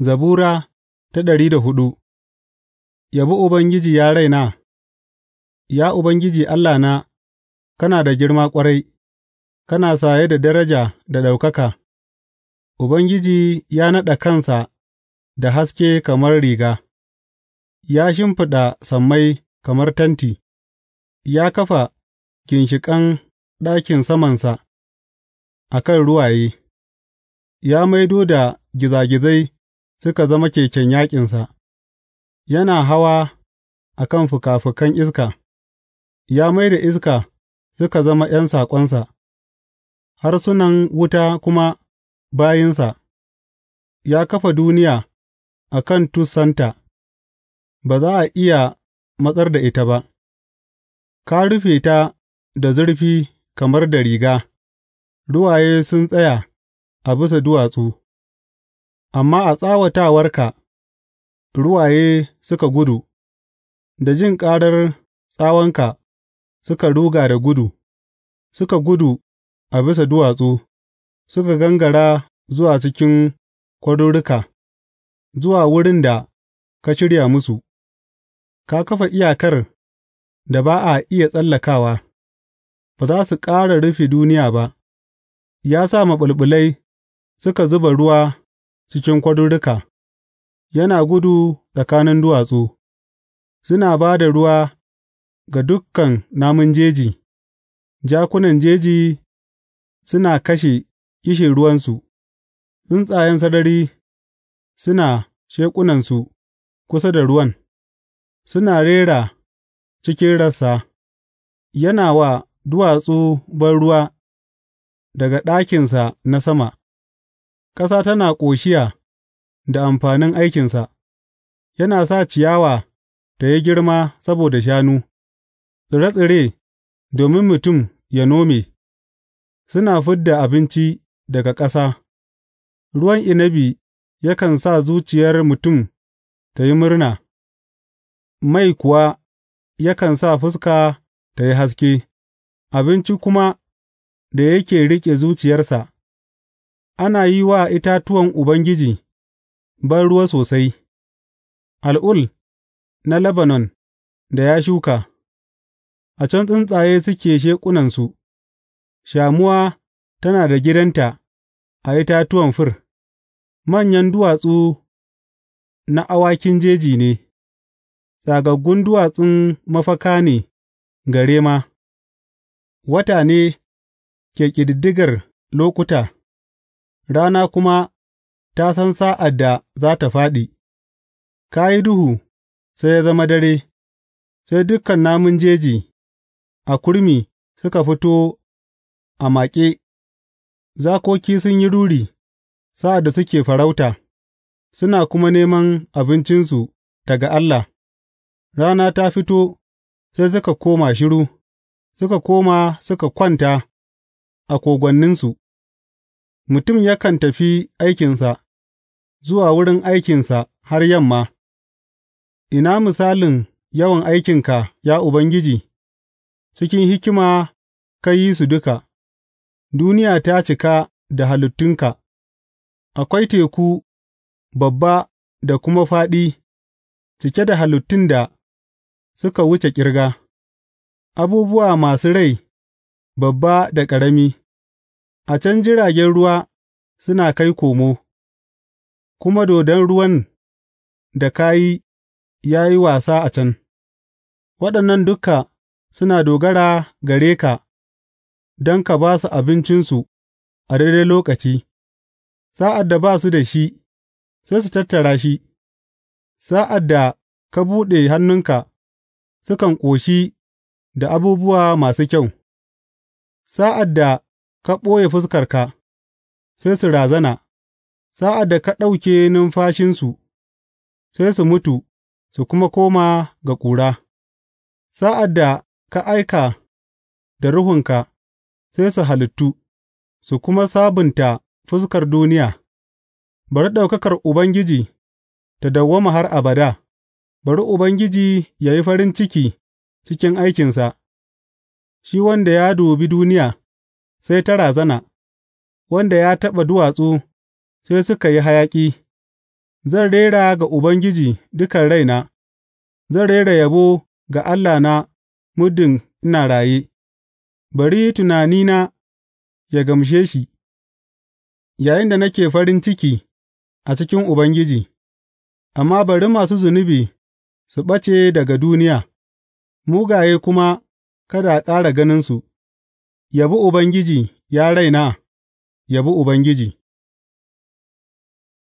Zabura ta ɗari da hudu Yabi Ubangiji ya raina, Ya Ubangiji Allah na, kana da girma ƙwarai, kana saye da daraja da ɗaukaka, Ubangiji ya naɗa kansa da haske kamar riga, ya shimfiɗa sammai kamar tanti. ya kafa ginshiƙan ɗakin samansa a kan ruwaye, ya maido da gizagizai. suka zama keken yaƙinsa, yana hawa a kan fikafikan iska, ya mai da iska suka zama ’yan saƙonsa, harsunan wuta kuma bayinsa, ya kafa duniya a kan tussanta, ba za a iya matsar da ita ba, ka rufe ta da zurfi kamar da riga, ruwaye sun tsaya a bisa duwatsu. Amma a tsawatawarka ruwaye suka gudu; da jin ƙarar tsawanka suka ruga da gudu, suka gudu a bisa duwatsu, suka gangara zuwa cikin kwaruruka, zuwa wurin da ka shirya musu; ka kafa iyakar da ba a iya tsallakawa, ba za su ƙara rufe duniya ba; ya sa maɓulɓulai suka zuba ruwa. cikin kwaruruka, yana gudu tsakanin duwatsu; suna ba da ruwa ga dukan namun jeji, jakunan jeji suna kashe kishin ruwansu. tsuntsayen sarari suna sheƙunansu kusa da ruwan, suna rera cikin rassa, yana wa duwatsu ruwa daga ɗakinsa na sama. ƙasa tana ƙoshiya da amfanin aikinsa, yana sa ciyawa ta yi girma saboda shanu, tsire tsire domin mutum ya nome, suna fid da abinci daga ƙasa, ruwan inabi yakan sa zuciyar mutum ta yi murna, mai kuwa yakan sa fuska ta yi haske, abinci kuma da yake riƙe zuciyarsa. Ana yi wa itatuwan Ubangiji banruwa sosai, al'ul na Lebanon da ya shuka; a can tsuntsaye suke sheƙunansu, shamuwa tana da gidanta a itatuwan fir, manyan duwatsu na awakin jeji ne, tsagaggun duwatsun mafaka ne gare ma. wata ne ke ƙididdigar lokuta. rana kuma ta san sa'ad da za tă fāɗi; ka yi duhu sai ya zama dare, sai dukan namun jeji a kurmi suka fito a maƙe, zakoki sun yi ruri sa'ad da suke farauta, suna kuma neman abincinsu daga Allah; rana ta fito sai suka koma shiru, suka koma suka kwanta a kogwanninsu. Mutum yakan tafi aikinsa, zuwa wurin aikinsa har yamma, ina misalin yawan aikinka, ya Ubangiji, cikin hikima ka yi su duka, duniya ta cika da halittunka, akwai teku babba da kuma fāɗi, cike da halittun da suka wuce ƙirga, abubuwa masu rai babba da ƙarami. A can jiragen ruwa suna kai komo, kuma dodon ruwan da ka yi ya yi wasa a can; waɗannan duka suna dogara gare ka don ka ba su abincinsu a daidai lokaci; sa'ad da ba su da shi, sai su tattara shi, sa'ad da ka buɗe hannunka, sukan ƙoshi da abubuwa masu kyau; sa'ad da ka ɓoye fuskarka, sai su razana; sa'ad da ka ɗauke numfashinsu, sai su mutu su kuma koma ga ƙura; sa'ad da ka aika da Ruhunka, sai su halittu, su kuma sabunta fuskar duniya; bari ɗaukakar Ubangiji ta dawwama har abada, bari Ubangiji ya yi farin ciki cikin aikinsa, shi wanda ya dubi duniya. sai ta razana, wanda ya taɓa duwatsu sai suka yi hayaƙi, zan rera ga Ubangiji dukan raina, zan rera yabo ga Allahna muddin ina raye, bari tunanina ya gamshe shi, yayinda nake farin ciki a cikin Ubangiji, amma bari masu zunubi su ɓace daga duniya, mugaye kuma kada a ƙara ganinsu. Yabi Ubangiji, ya raina, yabi Ubangiji.